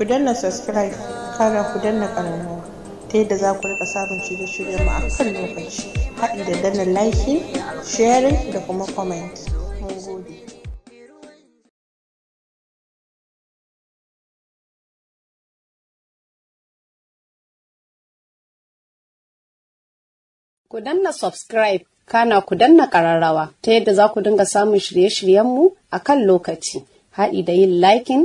ku danna subscribe kara ku danna ƙararrawa ta yadda za ku rika samun shirye shiryen mu a kan lokaci haɗi da danna like sharing da kuma comment Ku danna subscribe kana ku danna kararrawa ta yadda za ku dinga samun shirye-shiryenmu a kan lokaci, haɗi da yin liking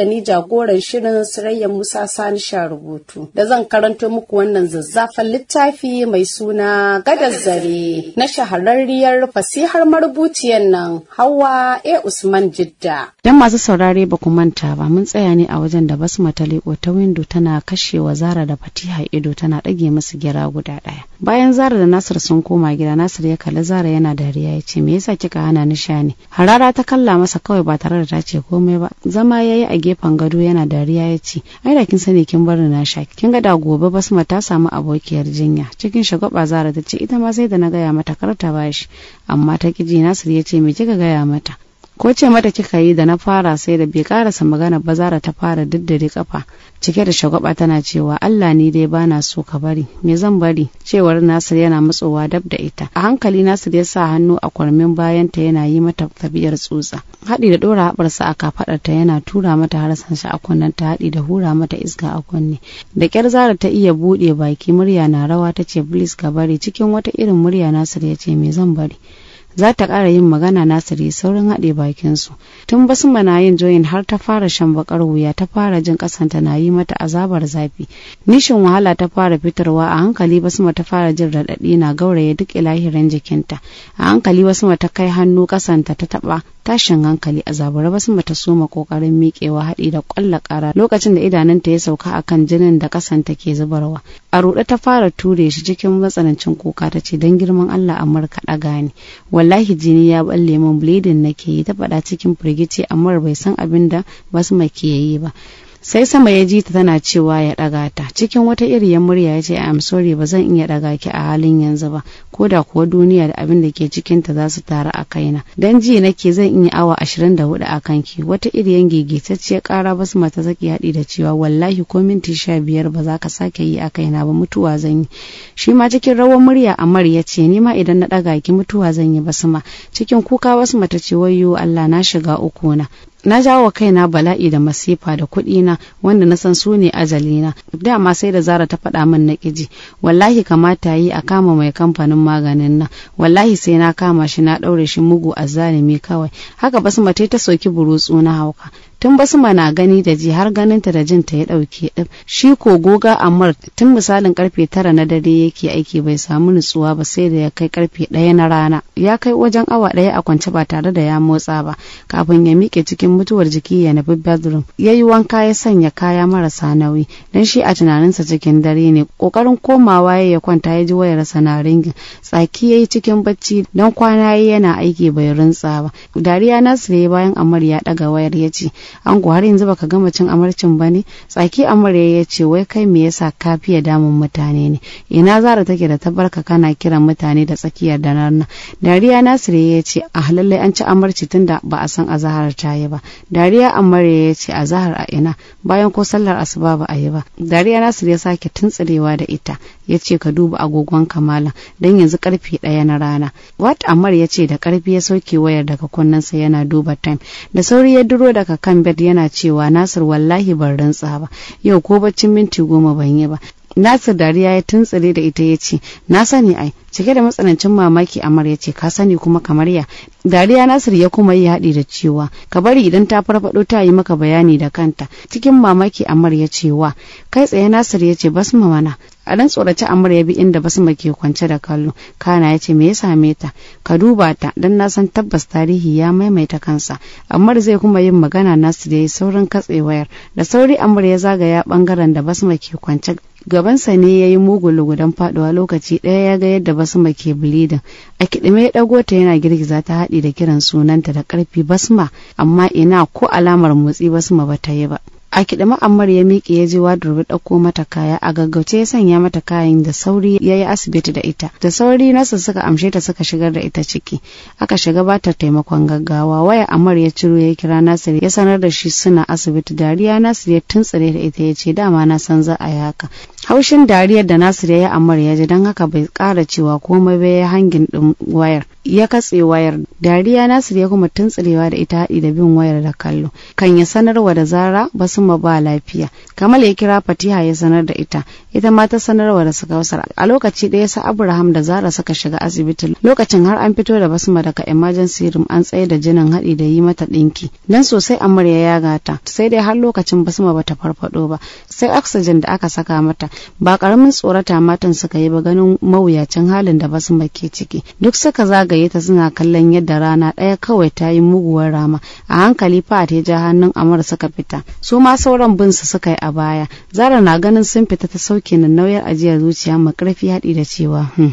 da ni jagoran shirin Sirayya Musa Sani sha rubutu da zan karanto muku wannan zazzafan littafi mai suna Gadar Zare na shahararriyar fasihar marubuciyar nan Hawa A Usman Jidda. Dan masu saurare ba ku manta ba mun tsaya ne a wajen da basu matale ta windo tana kashewa Zara da Fatiha ido tana ɗage musu gira guda ɗaya. Bayan Zara da Nasir sun koma gida Nasir ya kalli Zara yana dariya ya ce me yasa kika hana ni Harara ta kalla masa kawai ba tare da ta ce komai ba. Zama yayi a gefen gado yana dariya ya ce ai da kin sani kin ni na sha kin ga da gobe basma ta samu abokiyar jinya cikin shagwaba zara ta ce ita ma sai da na gaya mata kar ta bashi amma ta kiji nasir ya ce me kika gaya mata ko ce mata kika yi da na fara sai da bai karasa magana ba zara ta fara daddare kafa cike da shagwaba tana cewa Allah ni dai bana so ka bari me zan bari cewar Nasir yana matsowa dab da ita a hankali Nasir ya sa hannu a kwarmin bayanta yana yi mata tabiyar tsutsa haɗi da ɗora haɓarsa a kafaɗarta yana tura mata harsan shi a kunnen ta haɗi da hura mata iska a kunne da kyar zara ta iya buɗe baki murya na rawa ta ce please ka bari cikin wata irin murya Nasir ya ce me zan bari za ta ƙara yin magana nasiri saurin haɗe bakinsu. Tun basma na yin joyin har ta fara shan bakar wuya ta fara jin ƙasanta na yi mata azabar zafi. Nishin wahala ta fara fitarwa a hankali basma ta fara jin raɗaɗi na gauraye duk ilahirin jikinta. A hankali basma ta kai hannu ƙasanta ta taɓa tashin hankali a zabura basu mata soma kokarin miƙewa haɗi da ƙwalla ƙara lokacin da idanunta ya sauka akan jinin da ƙasanta ke zubarwa a ruɗe ta fara ture shi cikin matsanancin kuka ta ce don girman Allah Amurka ɗaga ni wallahi jini ya balle min na ke yi ta faɗa cikin firgici amma bai san abin da basu ke yi ba sai sama ya ji ta tana cewa ya ɗaga ta cikin wata iriyar murya ya ce am sorry ba zan iya ɗaga ki a halin yanzu ba ko da kuwa duniya da abin da ke cikin ta za su taru a kaina dan ji nake zan iya awa ashirin da hudu a kanki wata iriyar gegetacciyar ƙara basu mata zaki haɗi da cewa wallahi ko minti sha biyar ba za ka sake yi a kaina ba mutuwa zan yi shi ma cikin rawar murya amar ya ce ni ma idan na ɗaga ki mutuwa zan yi basma cikin kuka basma mata ce wayyo Allah na shiga uku na na jawo wa kaina bala'i da masifa da kuɗina wanda na san su ne ajalina dama sai da zara ta faɗa min na ƙiji wallahi kamata yi a kama mai kamfanin maganin nan wallahi sai na kama shi na ɗaure shi mugu a zalimi kawai haka mace ta soki burutsu na hauka tun basma na gani da ji har ganinta da jin ta ya ɗauke shi ko goga amar tun misalin karfe tara na dare yake aiki bai samu nutsuwa ba sai da ya kai karfe ɗaya na rana ya kai wajen awa ɗaya a kwance ba tare da ya motsa ba kafin ya miƙe cikin mutuwar jiki ya nufi bedroom ya yi wanka ya sanya kaya marasa nauyi don shi a tunaninsa cikin dare ne ƙoƙarin komawa ya kwanta ya ji wayarsa na ringin tsaki ya yi cikin bacci don kwana yana aiki bai rintsa ba dariya nasu ne bayan amar ya ɗaga wayar ya ce ango har yanzu baka gama cin amarcin ba ne tsaki amarya ya ce wai kai me yasa ka fiye damun mutane ne ina zara take da tabarka kana kiran mutane da tsakiyar da nan dariya nasire ya ce a ah, lallai an ci amarci tunda ba a san azahar ta yi ba dariya amarya ya ce azahar a ina bayan ko sallar asuba ba a yi ba dariya nasir ya sake tuntsirewa da ita ya ce ka duba agogon kamala don yanzu karfe ɗaya na rana wat amar ya ce da karfi ya sauke wayar daga kunnensa yana duba time da sauri ya duro daga kan bed yana cewa nasir wallahi ban rantsa ba yau ko baccin minti goma ban yi ba Nasir dariya ya tuntsire da ita ya ce, Na sani ai, cike da matsanancin mamaki Amar ya ce, Ka sani kuma kamar ya, dariya nasir ya kuma yi haɗi da cewa ka bari idan ta farfaɗo ta yi maka bayani da kanta cikin mamaki amar ya cewa kai tsaye nasir ya ce basma mana a dan tsoraci Amar ya bi inda basma ke kwance da kallo kana ya ce me ya same ta ka duba ta dan na san tabbas tarihi ya maimaita kansa amar zai kuma yin magana nasir ya yi saurin katse wayar da sauri Amar ya zagaya bangaren da basma ke kwance gabansa ne ya yi mugun lugudan faduwa lokaci ɗaya ya ga yadda basma ke bilidin a kiɗime ya ɗago ta yana girgiza ta haɗi da kiran sunanta da ƙarfi basma amma ina ko alamar motsi basma ba ta yi ba a kiɗa ma'ammar ya miƙe ya je wadurbi ɗauko mata kaya a gaggauce ya sanya mata kayan da sauri ya yi asibiti da ita da sauri nasa suka amshe ta suka shigar da ita ciki aka shiga ba ta taimakon gaggawa waya ammar ya ciro ya kira nasir ya sanar da shi suna asibiti dariya nasir ya tuntsire da ita ya ce dama na san za a yi haka haushin dariyar da nasir ya yi amar ya ji don haka bai kara cewa komai bai ya hangin ɗin wayar ya katse wayar dariya nasir ya kuma tuntsirewa da ita haɗi da bin wayar da kallo kan ya sanarwa da zara su ma ba lafiya kamal ya kira fatiha ya sanar da ita ita ma ta sanarwa da wasar a lokaci ɗaya sa abraham da zara suka shiga asibiti lokacin har an fito da basma daga emergency room an tsaye da jinin haɗi da yi mata ɗinki dan sosai amarya ya gata. sai dai har lokacin basma bata farfado ba sai oxygen da aka saka mata ba karamin tsorata matan suka yi ba ganin mawuyacin halin da basu ke ciki duk suka zagaye ta suna kallon yadda rana ɗaya kawai ta yi muguwar rama a hankali fa ta ja hannun amur suka fita su ma sauran bin su suka yi a baya zara na ganin sun fita ta sauke na nauyar ajiyar zuciya ma karfi haɗi da cewa hmm.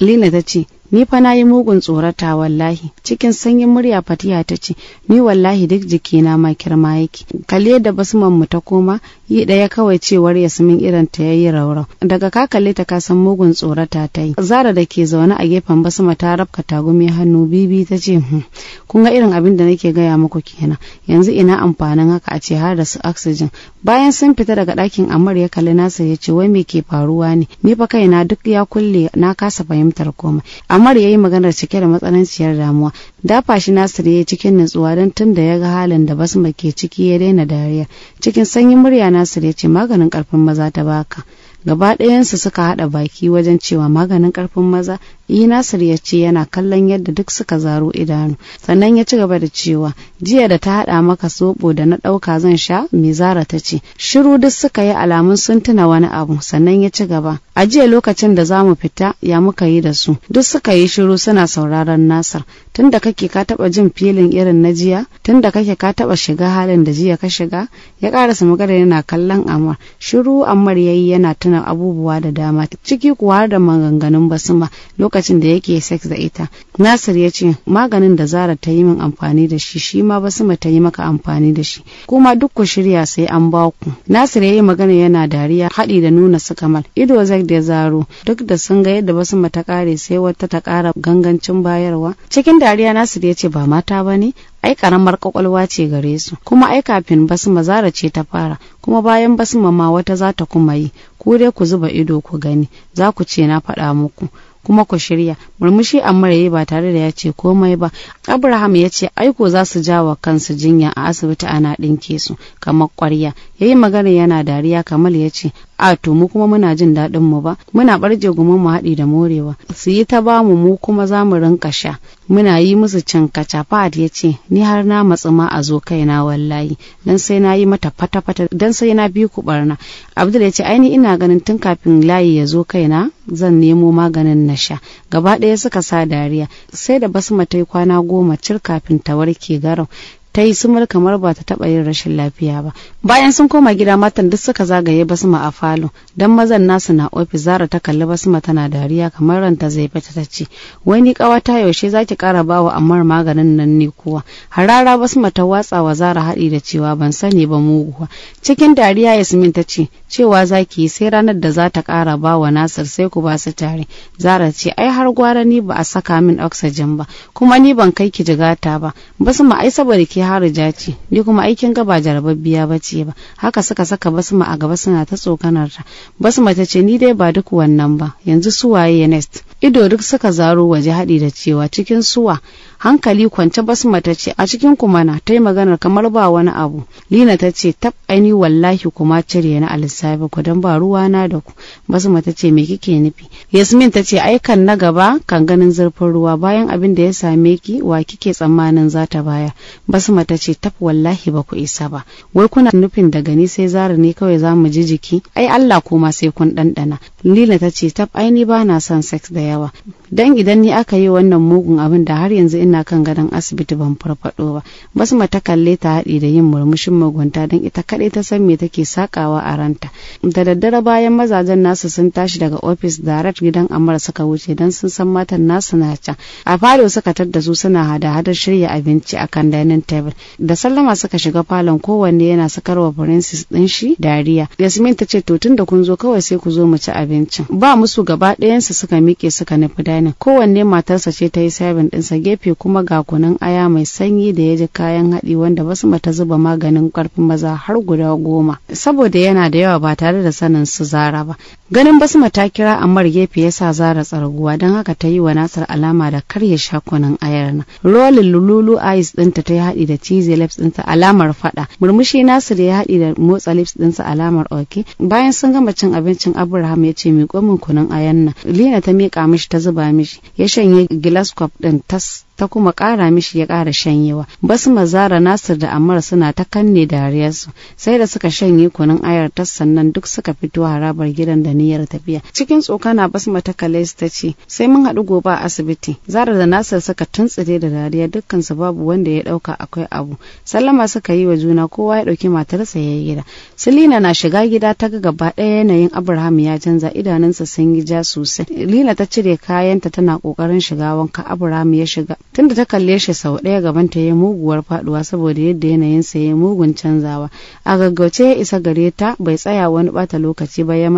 lila ta ce ni fa na yi mugun tsorata wallahi cikin sanyin murya fatiya ta ce ni wallahi duk jikina ma kirma yake Kalle da basman mu ta koma yi ɗaya kawai cewar yasmin irin ta ya yi raurau daga ka kalle ta kasan mugun tsorata ta yi zara da ke zaune a gefen basuma ta rabka tagumi hannu bibi ta ce hmm, kun ga irin abin da nake gaya muku kenan yanzu ina amfanin haka a ce har da su oxygen bayan sun fita daga ɗakin amar ya kalli nasa ya ce wai me ke faruwa ne ni fa kaina duk ya kulle na kasa fahimtar komai amar ya yi maganar cike da matsananciyar damuwa dafa shi nasir ya cikin nutsuwa don tun da ya ga halin da basma ke ciki ya daina dariya cikin sanyin murya nasir ya ce maganin karfin maza ta baka gaba ɗayansu suka haɗa baki wajen cewa maganin karfin maza yi nasir ya ce yana kallon yadda duk suka zaro idanu sannan ya ci gaba da cewa jiya da ta haɗa maka soɓo da na ɗauka zan sha mai zara ta ce shiru duk suka yi alamun sun tuna wani abu sannan ya ci gaba a jiya lokacin da zamu fita ya muka yi da su duk suka yi shiru suna sauraron nasar, tunda kake ka taɓa jin filin irin na jiya tunda kake ka taɓa shiga halin da jiya ka shiga ya ƙara magana yana kallon amma shiru amar yayi yana tuna abubuwa da dama ciki kuwa da maganganun basuma lokacin lokacin da yake sex da ita nasir ya ce maganin da zara ta yi min amfani da shi shi ma basuma ta yi maka amfani da shi kuma duk ku shirya sai an ba ku nasir ya yi magana yana dariya haɗi da nuna su kamal ido zai da zaro duk da sun ga yadda basuma ta kare sai wata ta kara gangancin bayarwa cikin dariya nasir ya ce ba mata ba ne ai karamar kwakwalwa ce gare su kuma ai kafin basma zara ce ta fara kuma bayan basma ma wata za ta kuma yi ku dai ku zuba ido ku gani za ku ce na faɗa muku kuma ku shirya murmushi amma yayi ba tare da ya ce komai ba abraham ya ce aiko za su ja wa kansu jinya a asibiti ana ɗinke su kamar ƙwarya yi magana yana dariya kamal ya ce a to mu kuma muna jin daɗin mu ba muna barje gumin mu haɗi da morewa su yi ta bamu mu kuma za mu rinka sha muna yi musu cinkaca fahad ya ce ni har na matsi ma a zo kaina wallahi dan sai na yi mata fata fata dan sai na bi ku barna abdul ya ce aini ina ganin tun kafin layi ya zo kaina zan nemo maganin na sha gaba ɗaya suka sa dariya sai da basma ta kwana goma cir kafin ta warke garau ta yi sumar kamar ba ta taɓa yin rashin lafiya ba bayan sun koma gida matan duk suka zagaye basma a falo dan mazan nasu na ofis zara ta kalli basma tana dariya kamar ranta zai fita ta ce Wani ni ƙawata yaushe za zaki ƙara bawa ammar maganin nan ne kuwa harara basma ta watsa wa zara haɗi da cewa ban sani ba muguwa cikin dariya yasmin ta ce cewa za ki yi sai ranar da za ta ƙara bawa nasir sai ku ba su tare zara ce ai har gwara ni ba a saka min oxygen ba kuma ni ban kai ki jigata ba basma ai saboda ke ke harija ce ni kuma aikin gaba jarababbiya ba ce ba haka suka saka basma a gaba suna ta tsokanar ta basma ta ce ni dai ba duk wannan ba yanzu suwaye next ido duk suka zaro waje haɗi da cewa cikin suwa hankali kwance basma ta ce a cikin kumana ta yi maganar kamar ba wani abu lina ta ce tab aini wallahi kuma cire na alisabi ku don ba ruwa na da ku basma ta ce me kike nufi yasmin ta ce aikan na gaba kan ganin zurfin ruwa bayan abin da ya same ki wa kike tsammanin za ta baya basma ta ce tab wallahi ba ku isa ba wai kuna nufin da gani sai zara ne kawai za mu ji jiki ai Allah kuma sai kun ɗanɗana Lina ta ce tab aini ba na son sex da yawa dan idan ni aka yi wannan mugun abin da har yanzu ina kan gadon asibiti ban farfado ba basma ta kalle ta haɗi da yin murmushin mugunta don ita kaɗai ta san me take sakawa a ranta da daddare bayan mazajen nasu sun tashi daga ofis direct gidan amara suka wuce don sun san matan nasu na can a falo suka tadda su suna hada-hadar shirya abinci a kan dining table da sallama suka shiga falon kowanne yana sakarwa princess ɗin shi dariya yasmin ta ce to tun da kun zo kawai sai ku zo mu ci abincin ba musu gaba ɗayansu suka miƙe suka nufi dining kowanne matarsa ce ta yi sabin ɗinsa gefe kuma ga kunun aya mai sanyi da ya ji kayan haɗi wanda basma ta zuba maganin ƙarfin maza har guda goma saboda yana da yawa ba tare da sanin su zara ba ganin basma ta kira mar gefe ya sa zara tsarguwa don haka ta yi wa nasar alama da kar ya sha kunun ayar na. rolin lululu ice ɗinta ta yi haɗi da cheesy lips ɗinta alamar faɗa murmushi nasir ya haɗi da motsa lips ɗinsa alamar oke bayan sun gama cin abincin abraham ya ce miƙo min kunun ayan na, lina ta miƙa mishi ta zuba mishi ya shanye gilas kwaf ɗin tas ta kuma ƙara mishi ya ƙara shanyewa basma zara nasir da amara suna ta kanne dariyarsu sai da suka shanye kunun ayar ta sannan duk suka fito harabar gidan da niyyar tafiya cikin tsokana basma ta kalle su ta ce sai mun haɗu gobe a asibiti zara da nasir suka tuntsire da dariya dukkansu babu wanda ya ɗauka akwai abu sallama suka yi wa juna kowa ya ɗauki matarsa ya yi gida silina na shiga gida ta ga gaba ɗaya yanayin abraham ya canza idanunsa sun yi ja sosai lina ta cire kayanta tana ƙoƙarin shiga wanka abraham ya shiga tunda ta kalle shi sau ɗaya ta ya muguwar faduwa saboda yadda yanayinsa ya mugun canzawa a gaggauce ya isa gare ta bai tsaya wani bata lokaci ba ya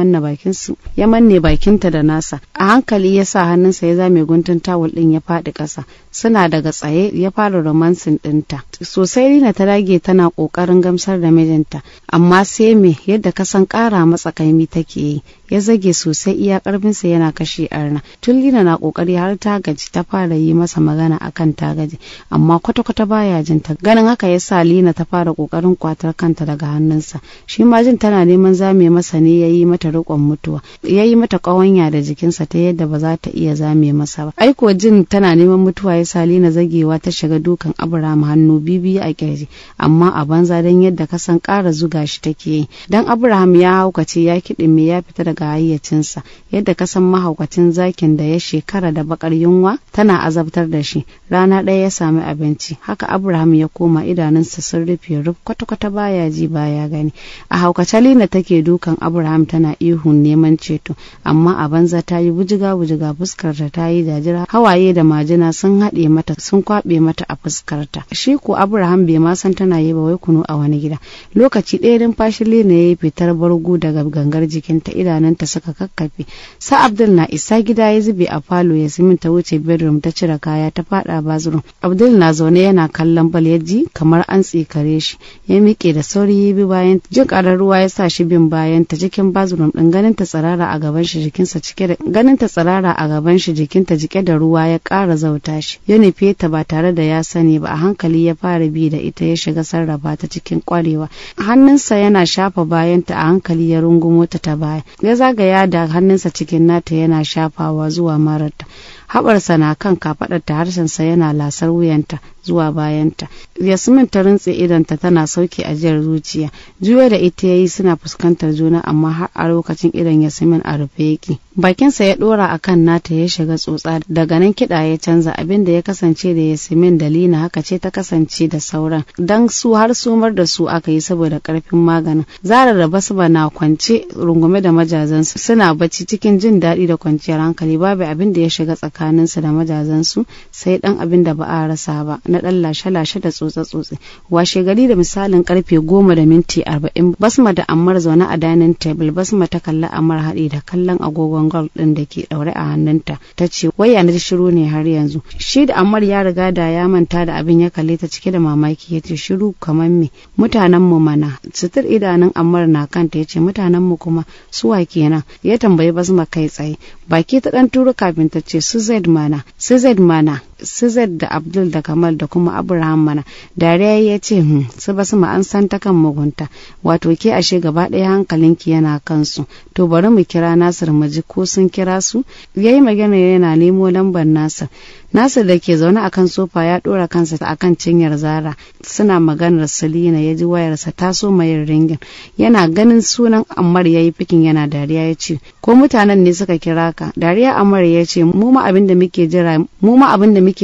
manne bakinta da nasa a hankali ya sa hannunsa ya zame guntun tawul din ya fadi ƙasa suna daga tsaye ya fara romansin ɗinta sosai rina ta rage tana ƙoƙarin gamsar da mijinta amma sai me yadda ka san ƙara matsa kaimi take yi ya zage sosai iya ƙarfinsa yana kashe arna tun rina na ƙoƙari har ta gaji ta fara yi masa magana akan ta gaji amma kwata-kwata baya jinta. ganin haka ya sa lina ta fara ƙoƙarin kwatar kanta daga hannunsa shi ma jin tana neman zame masa ne ya yi mata riƙon mutuwa ya yi mata ƙawanya da jikinsa ta yadda ba za ta iya zame masa ba aiko jin tana neman mutuwa ya Salina na zagewa ta shiga dukan Abraham hannu bibi a kirji amma a banza don yadda kasan ƙara zuga shi take yi. Dan Abraham ya haukace ya kiɗime ya fita daga hayyacinsa yadda ka san mahaukacin zakin da ya shekara da bakar yunwa tana azabtar da shi rana ɗaya ya sami abinci haka Abraham ya koma idanunsa sun rufe rub kwata-kwata baya ji baya gani a haukace Lina take dukan Abraham tana ihun neman ceto amma a banza ta yi bujiga-bujiga fuskar ta ta yi jajira hawaye da majina sun haɗa haɗe mata sun kwaɓe mata a fuskarta shi ko abraham bai ma san tana yi ba wai kunu a wani gida lokaci ɗaya numfashi lena ya yi fitar bargo daga gangar jikinta idanunta suka kakkafe sa abdul na isa gida ya zube a falo ya simin ta wuce bedroom ta cire kaya ta faɗa bathroom abdul na zaune yana kallon bal ya ji kamar an tsikare shi ya miƙe da sauri ya bi bayan jin ƙarar ruwa ya sa shi bin bayan ta cikin bathroom ɗin ganin ta tsirara a gaban shi jikinsa cike da ganin ta tsirara a gaban shi jikinta jike da ruwa ya ƙara zauta shi ya nufe ta ba tare da ya sani ba a hankali ya fara bi da ita ya shiga sarrafa ta cikin kwarewa hannunsa yana shafa bayanta a hankali ya rungumo ta ta baya ya zagaya da hannunsa cikin nata yana shafawa zuwa mararta haɓarsa na kan kafaɗarta harshensa yana lasar wuyanta zuwa bayanta yasmin ta rintse idanta tana sauke jiyar zuciya juyo da ita yayi suna fuskantar juna amma har a lokacin idan yasmin a rufe yake bakinsa ya dora kan nata ya shiga tsotsa daga nan kiɗa ya canza abin da ya kasance da yasmin da lina haka ce ta kasance da sauran dan su har sumar da su aka yi saboda karfin maganin zarar da basba na kwance rungume da majazansu suna bacci cikin jin daɗi da kwanciyar hankali babu abin da ya shiga tsakaninsu da majazansu sai dan abin da ba a rasa ba na ɗan lashe-lashe da tsotse-tsotse washe gari da misalin karfe goma da minti arba'in basma da amar zaune a dining table basma ta kalli amar haɗi da kallon agogon gol ɗin da ke ɗaure a hannunta ta ce wai na shiru ne har yanzu shi da amar ya riga da ya manta da abin ya kalle ta cike da mamaki ya ce shiru kamar me mutanen mu mana sutur idanun amar na kanta ya ce mutanen mu kuma suwa kenan ya tambayi basma kai tsaye baki ta ɗan turu kafin ta ce su zaid mana su zaid mana Sizar da Abdul da Kamal da kuma Abraham mana dariya ya ce hmm, su ba ma an san ta kan mugunta wato ke ashe gaba ɗaya hankalinki yana kansu to bari mu kira Nasir mu ji ko sun kira su yayi magana yana nemo lambar Nasir Nasir da ke zaune akan sofa ya ɗora kansa a kan cinyar Zara suna maganar Selina ya ji wayarsa ta so mayar ringin yana ganin sunan Ammar ya yi fikin yana dariya ya ce ko mutanen ne suka kira ka dariya Ammar ya ce mu ma abin da muke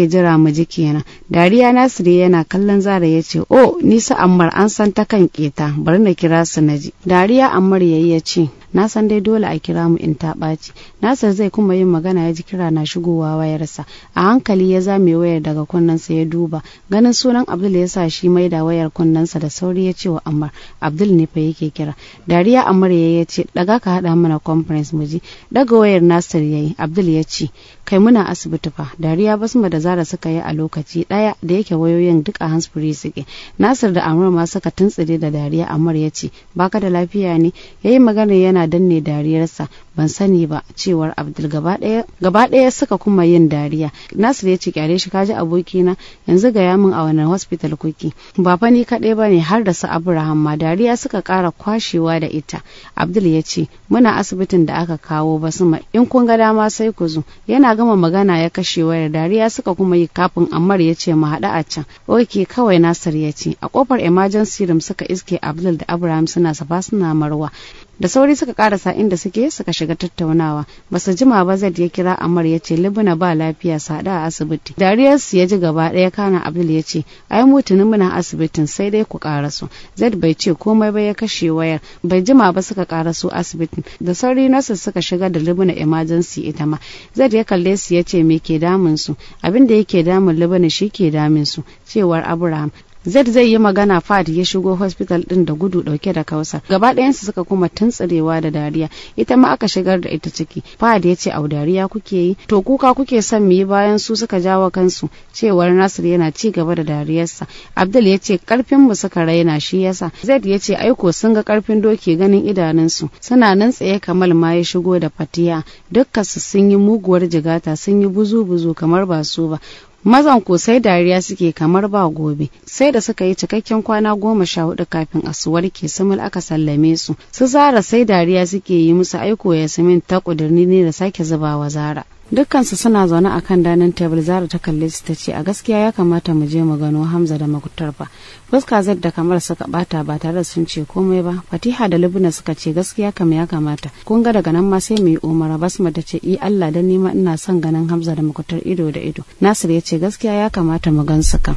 jira mu ji kenan dariya Nasir yana kallon Zara ya ce oh nisa Ammar an san ta kan keta bari na kira su na ji. dariya Ammar yi ya ce na san dai dole a kira mu in ta ɓaci nasir zai kuma yin magana ya ji kira na shigowa wayarsa a hankali ya zame wayar daga kunnensa ya duba ganin sunan abdul ya sa shi mai da wayar kunnensa da sauri ya ce wa amar abdul ne fa yake kira dariya amar ya ya ce daga ka haɗa mana conference mu ji daga wayar nasir ya yi abdul ya ce kai muna asibiti fa dariya basma da zara suka yi a lokaci ɗaya da yake wayoyin duk a hansfuri suke nasir da amar ma suka tuntsire da dariya amar ya ce baka da lafiya ne ya yi magana yana yana danne dariyarsa ban sani ba cewar abdul gaba ɗaya suka kuma yin dariya nasir ya ce kyare shi kaji abokina yanzu gaya min a wannan hospital kuki ba fa ni kadai ba ne har da su abraham ma dariya suka kara kwashewa da ita abdul ya ce muna asibitin da aka kawo ba ma in kun ga dama sai ku zo yana gama magana ya kashe waya dariya suka kuma yi kafin ammar ya ce mu haɗu a can oke kawai nasir ya ce a kofar emergency room suka iske abdul da abraham suna safa suna marwa da sauri suka karasa inda suke suka shiga tattaunawa ba su jima ba zai ya kira amar ya ce libina ba lafiya sada a asibiti dariyarsu ya ji gaba ɗaya kana abdul ya ce ai mutuni muna asibitin sai dai ku karasu zaid bai ce komai ba ya kashe wayar bai jima ba suka karasu asibitin da sauri nasu suka shiga da libina emergency ita ma "Zai ya kalle su ya ce me ke damun su abin da yake damun libina shi ke damin su cewar abraham zai zai yi magana fad ya shigo hospital din da gudu dauke da kausa gaba ɗayansu suka kuma tuntsurewa da dariya ita ma aka shigar da ita ciki fad ya ce au kuke yi to kuka kuke son mu yi bayan su suka jawo kansu cewar nasir yana ci gaba da dariyarsa abdul ya ce karfin mu suka raina shi yasa zaid ya ce aiko sun ga karfin doki ganin idanunsu suna nan tsaye kamal ma ya shigo da fatiya dukkansu sun yi muguwar jigata sun yi buzu buzu kamar ba su ba mazan ko sai dariya suke kamar ba gobe sai da suka yi cikakken kwana goma sha hudu kafin a su warke sumul aka sallame su su zara sai dariya suke yi musu aiko ya samin ta kudurni ne da sake zubawa zara dukkansu suna zaune a kan danin tebul zara ta kalle su ta ce a gaskiya ya kamata mu je mu gano hamza da makutar fa fuska zai da kamar suka bata ba tare da sun ce komai ba fatiha da libna suka ce gaskiya kam ya kamata kun ga daga nan ma sai mu yi umara basma ta ce i allah dan nima ina son ganin hamza da makutar ido da ido nasir ya ce gaskiya ya kamata mu gan su kam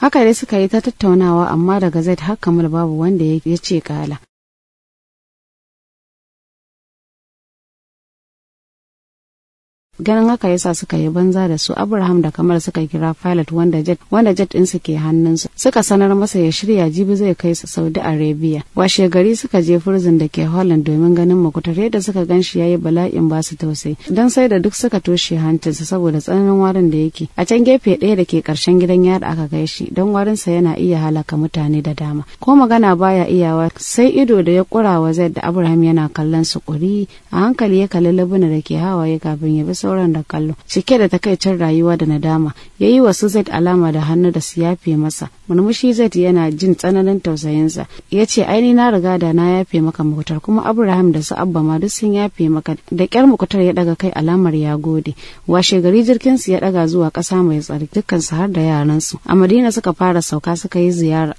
haka dai suka yi ta tattaunawa amma daga zai har kamar babu wanda ya ce kala ganin haka yasa suka yi banza da su abraham da kamar suka kira pilot wanda jet wanda jet ɗinsu ke hannunsu suka sanar masa ya shirya jibi zai kai su saudi arabia washe gari suka je furzin da ke holland domin ganin makutare da suka gan shi yayi bala'in ba su tausayi don sai da duk suka toshe hancinsa saboda tsananin warin da yake a can gefe ɗaya da ke karshen gidan yada aka gai shi don sa yana iya halaka mutane da dama ko magana baya iyawa sai ido da ya kurawa zai da abraham yana kallon su kuri a hankali ya kalli labuna da ke hawaye kafin ya bi sauran da kallo cike da takaicin rayuwa da nadama ya yi wa suzette alama da hannu da su yafe masa murmushi zai yana jin tsananin tausayinsa ya ce aini na riga da na yafe maka mukutar kuma abraham da su abba ma duk sun yafe maka da kyar mukutar ya daga kai alamar ya gode washe gari jirgin su ya daga zuwa ƙasa mai tsari dukkan su har da yaran su a madina suka fara sauka suka yi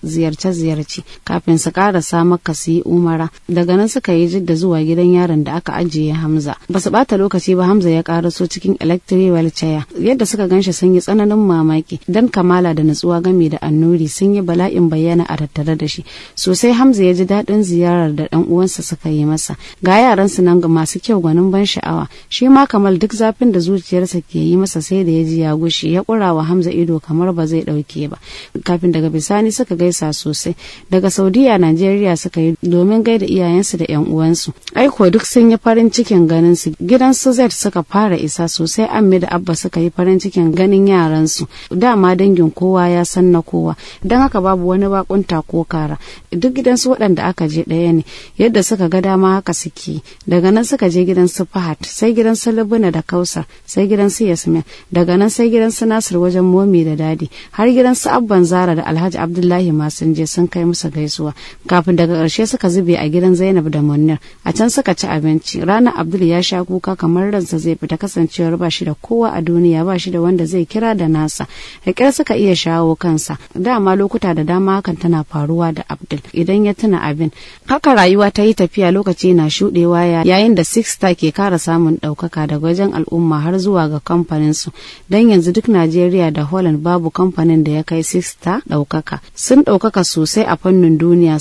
ziyarce ziyarci. kafin su karasa maka su yi umara daga nan suka yi jidda zuwa gidan yaron da aka ajiye hamza ba su bata lokaci ba hamza ya karaso cikin electric wheelchair yadda suka ganshi sun yi tsananin mamaki dan kamala da natsuwa game da annu alkhairi sun yi bala'in bayyana a tattare da shi sosai hamza ya ji daɗin ziyarar da ɗan uwansa suka yi masa ga yaransu nan ga masu kyau gwanin ban sha'awa shi ma kamal duk zafin da zuciyarsa ke yi masa sai da ya ji ya gushe ya ƙura wa hamza ido kamar ba zai ɗauke ba kafin daga bisani suka gaisa sosai daga saudiya najeriya suka yi domin gaida iyayensu da ƴan uwansu aiko duk sun yi farin cikin ganin su gidan su z suka fara isa sosai amme da abba suka yi farin cikin ganin yaransu dama dangin kowa ya san na kowa don haka babu wani bakon ko kara duk gidan su waɗanda aka je ɗaya ne yadda suka ga dama haka suke daga nan suka je gidan su fahad sai gidan su libina da kausa sai gidan su yasmin daga nan sai gidan su nasir wajen momi da dadi har gidan su abban zara da alhaji abdullahi ma sun je sun kai musu gaisuwa kafin daga ƙarshe suka zube a gidan zainab da munir a can suka ci abinci ranar abdul ya sha kuka kamar ransa zai fita kasancewar ba shi da kowa a duniya ba shi da wanda zai kira da nasa da suka iya shawo kansa da dama lokuta da dama hakan tana faruwa da abdul idan ya tuna abin haka rayuwa ta yi tafiya lokaci na shuɗewa yayin da six star ke kara samun ɗaukaka daga wajen al'umma har zuwa ga kamfaninsu dan yanzu duk najeriya da holland babu kamfanin da ya kai six star ɗaukaka sun ɗaukaka sosai a fannin duniya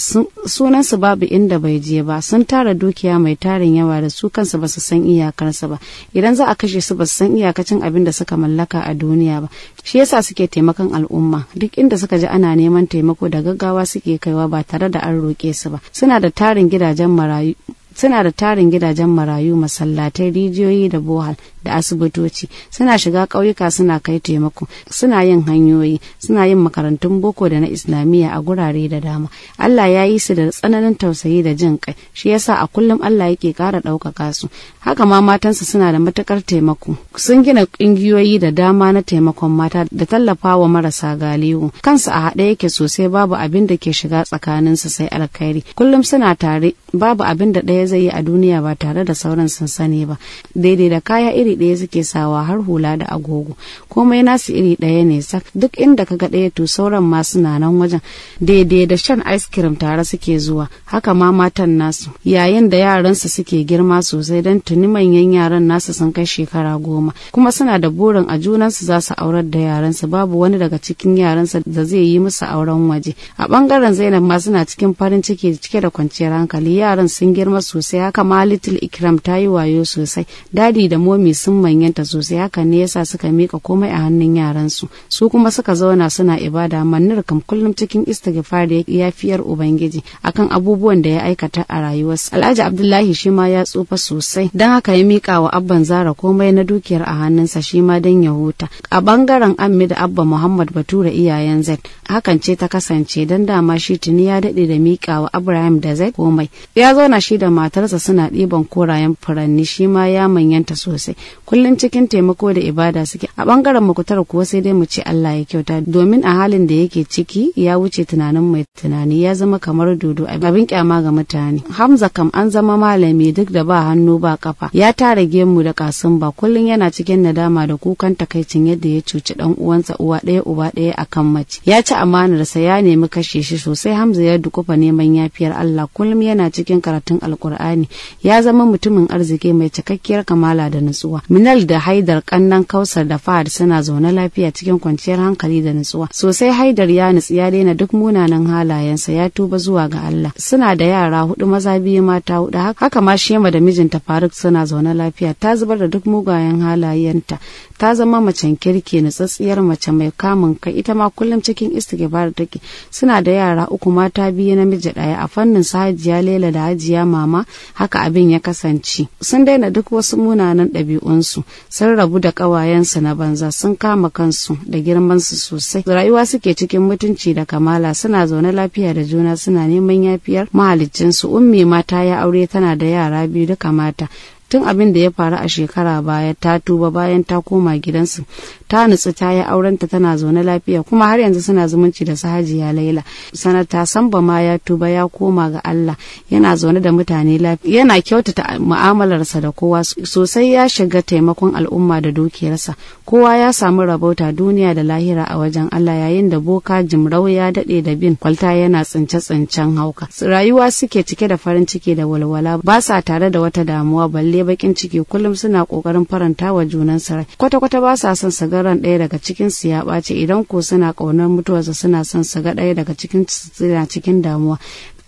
sunan su babu inda bai je ba sun tara dukiya mai tarin yawa da su kansu basu su san iyakarsa ba idan za a kashe su ba san iyakacin abin da suka mallaka a duniya ba shi yasa suke taimakon al'umma duk inda suka je ji ana neman taimako da gaggawa suke kaiwa ba tare da an roƙe su ba suna da tarin gidajen marayu suna da tarin gidajen marayu masallatai rijiyoyi da bohal da asibitoci suna shiga ƙauyuka suna kai taimako suna yin hanyoyi suna yin makarantun boko da na islamiyya a gurare da dama allah ya yi su da tsananin tausayi da jin kai shi yasa a kullum allah yake ƙara ɗaukaka su haka ma matansa suna da matuƙar taimako sun gina ƙungiyoyi da dama na taimakon mata da tallafawa marasa galihu kansu a haɗe yake sosai babu abin da ke shiga tsakaninsu sai alkhairi kullum suna tare babu abin da ɗaya zai yi a duniya ba tare da sauran sansani ba daidai da kaya iri ɗaya suke sawa har hula da agogo komai nasu iri ɗaya ne sak duk inda ka ga ɗaya to sauran ma suna nan wajen daidai da shan ice cream tare suke zuwa haka ma matan nasu yayin da yaransu suke girma sosai don tuni manyan yaran nasu sun kai shekara goma kuma suna da burin a junansu za su aurar da yaransu babu wani daga cikin yaransa da zai yi musu auren waje a ɓangaren zainab ma suna cikin farin ciki cike da kwanciyar hankali yaran sun girma sosai haka ma little ikram ta yi wayo sosai dadi da momi sun manyanta sosai haka ne yasa suka mika komai a hannun yaransu su kuma suka zauna suna ibada mannar kam kullum cikin istighfar da yafiyar ubangiji akan abubuwan da ya aikata a rayuwarsa alhaji abdullahi shi ma ya tsufa sosai dan haka ya mika wa abban zara komai na dukiyar a hannunsa shi ma dan ya huta a bangaren ammi da abba muhammad bature iyayen zaid hakan ce ta kasance don dama shi tuni ya daɗe da mika wa abraham da zaid komai ya zauna shi da matarsa suna ɗiban korayen furanni shi ma ya manyanta sosai kullum cikin taimako da ibada suke a bangaren makutar kuwa sai dai mu ce Allah ya kyauta domin a halin da yake ciki ya wuce tunanin mai tunani ya zama kamar dodo abin kyama ga mutane Hamza kam an zama malami duk da ba hannu ba kafa ya tara gemu da kasumba. ba kullum yana cikin nadama da kukan takaicin yadda ya cuci dan uwansa uwa ɗaya uba ɗaya akan mace ya ci amanarsa ya nemi kashe shi sosai Hamza ya dukufa neman yafiyar Allah kullum yana cikin karatun Alkur'ani ya zama mutumin arziki mai cikakkiyar kamala da nutsuwa mutuwa minal da haidar kannan kausar da fahad suna zaune lafiya cikin kwanciyar hankali da nutsuwa sosai haidar ya nutsu ya daina duk munanan halayensa ya tuba zuwa ga allah suna da yara hudu maza biyu mata hudu haka ma shema da mijinta faruk suna zaune lafiya ta zubar da duk mugayen halayenta ta zama macen kirki nutsatsiyar mace mai kamun kai ita ma kullum cikin istighfar take suna da yara uku mata biyu na miji daya a fannin su hajiya lela da hajiya mama haka abin ya kasance sun daina duk wasu munanan ɗabi'u ɗabi'unsu sun rabu da ƙawayensu na banza sun kama kansu da girmansu sosai rayuwa suke cikin mutunci da kamala suna zaune lafiya da juna suna neman yafiyar mahalicinsu ummi mata ya aure tana da yara biyu duka mata tun abin da ya faru a shekara baya ta tuba bayan ta koma gidansu ta nutsu ta yi aurenta tana zaune lafiya kuma har yanzu suna zumunci da su hajiya laila sanata samba ma ya tuba ya koma ga allah yana zaune da mutane lafiya yana kyautata mu'amalarsa da kowa sosai ya shiga taimakon al'umma da dukiyarsa kowa ya samu rabauta duniya da lahira a wajen allah yayin da boka jimrau ya daɗe da bin kwalta yana tsince-tsincen hauka rayuwa suke cike da farin ciki da walwala ba sa tare da wata damuwa balle kalle bakin ciki kullum suna kokarin faranta wa junan rai kwata kwata ba sa son su ɗaya daga cikin su ya ɓace idan ko suna ƙaunar mutuwarsa suna son saga ɗaya daga cikin suna cikin damuwa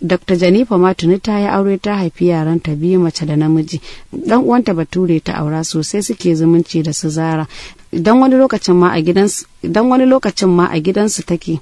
Dr. Janifa ma tuni ta yi aure ta haifi yaran ta biyu mace da namiji. Dan uwanta Bature ta aura sosai suke zumunci da su Zara. Dan wani lokacin ma a gidansu take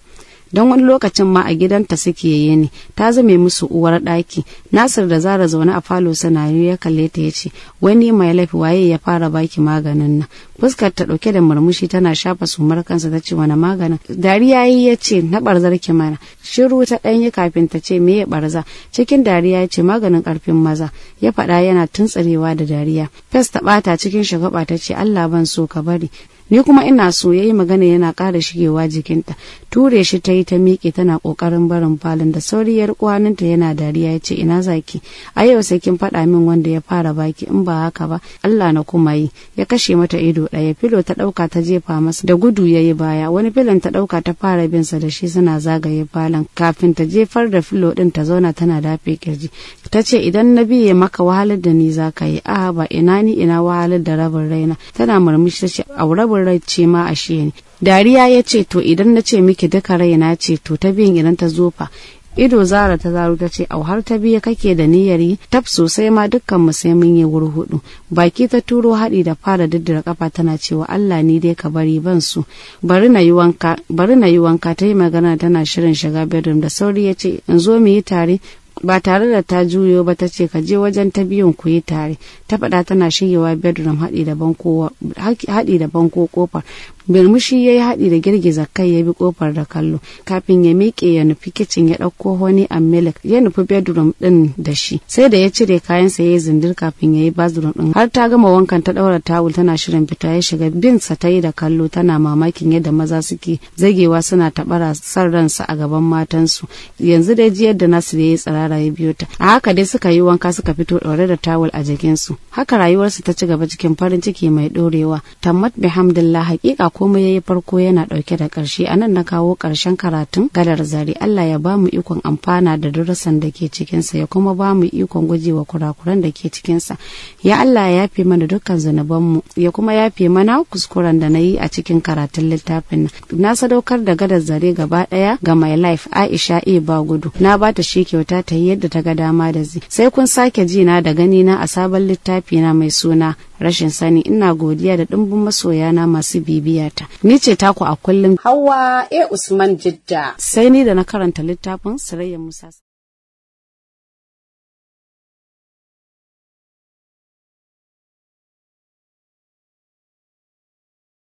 don wani lokacin ma a gidanta suke yi ne ta zame musu uwar ɗaki nasir da zara zaune a falo sanari ya kalle ta ya ce wani mai laifi waye ya fara baki maganin nan fuskar ta ɗauke da murmushi tana shafa sumar kansa ta ce wani maganin dariya yi ya ce na barzar ki mana shiru ta danyi kafin ta ce me ya barza cikin dariya ya ce maganin karfin maza ya faɗa yana tuntsarewa da dariya fes ta ɓata cikin shagaba ta ce allah ban so ka bari ni kuma ina so yayi magana yana ƙara shigewa jikinta ture shi ta yi ta miƙe tana ƙoƙarin barin falon da sauri yar kwaninta yana dariya ya ce ina zaki a yau sai kin faɗa min wanda ya fara baki in ba haka ba Allah na kuma yi ya kashe mata ido ɗaya filo ta ɗauka ta jefa masa da gudu ya yi baya wani filon ta ɗauka ta fara bin sa da shi suna zagaye falon kafin ta jefar da filo ɗin ta zauna tana dafe kirji ta ce idan na biye maka wahalar da ni za ka yi a ba ina ni ina wahalar da rabin raina tana murmushi ta ce a ciwon rai ce ma ashe ne dariya ya ce to idan na ce miki duka rai na ce to ta biyan idan ta zofa ido zara ta zaru ta ce au har ta biya kake da niyyar yi tab sosai ma dukkan mu sai mun yi wuri hudu baki ta turo haɗi da fara diddira kafa tana cewa Allah ni dai ka bari ban su bari na yi wanka bari na yi wanka ta yi magana tana shirin shiga bedroom da sauri ya ce in zo mu yi tare ba tare da ta juyo ba ta ce ka je wajen ta biyun ku yi tare ta faɗa tana shigewa bedroom haɗi da banko kofar birmushi ya yi haɗi da girgiza kai ya bi kofar da kallo kafin ya miƙe ya nufi kicin ya ɗauko honi a milik ya nufi bedroom ɗin da shi sai da ya cire kayansa ya yi zindir kafin ya yi bathroom ɗin har ta gama wankan ta ɗaura tawul tana shirin fita ya shiga bin sa ta yi da kallo tana mamakin yadda maza suke zagewa suna taɓara san ransa a gaban matansu yanzu dai ji yadda nasu da ya yi tsirara ya biyo ta a haka dai suka yi wanka suka fito ɗaure da tawul a jikinsu haka rayuwarsa ta ci gaba cikin farin ciki mai dorewa tammat bihamdillah hakika komai yayi farko yana ɗauke da karshe anan na kawo ƙarshen karatun gadar zari Allah ya ba mu ikon amfana da darasan da ke cikin ya kuma ba mu ikon gujewa kurakuran da ke cikinsa. ya Allah ya yafe mana dukkan mu, ya kuma yafe mana kuskuren da na yi a cikin karatun littafin na sadaukar da gadar zare gaba daya ga my life Aisha E ba gudu na ta shi kyauta ta yi yadda ta ga dama da zai sai kun sake ji na da gani na a sabon littafin littafi na mai suna rashin sani ina godiya da ɗumbin masoyana masu bibiyata ni ce taku a kullum hawa e usman jidda sai ni da na karanta littafin sarayyar musa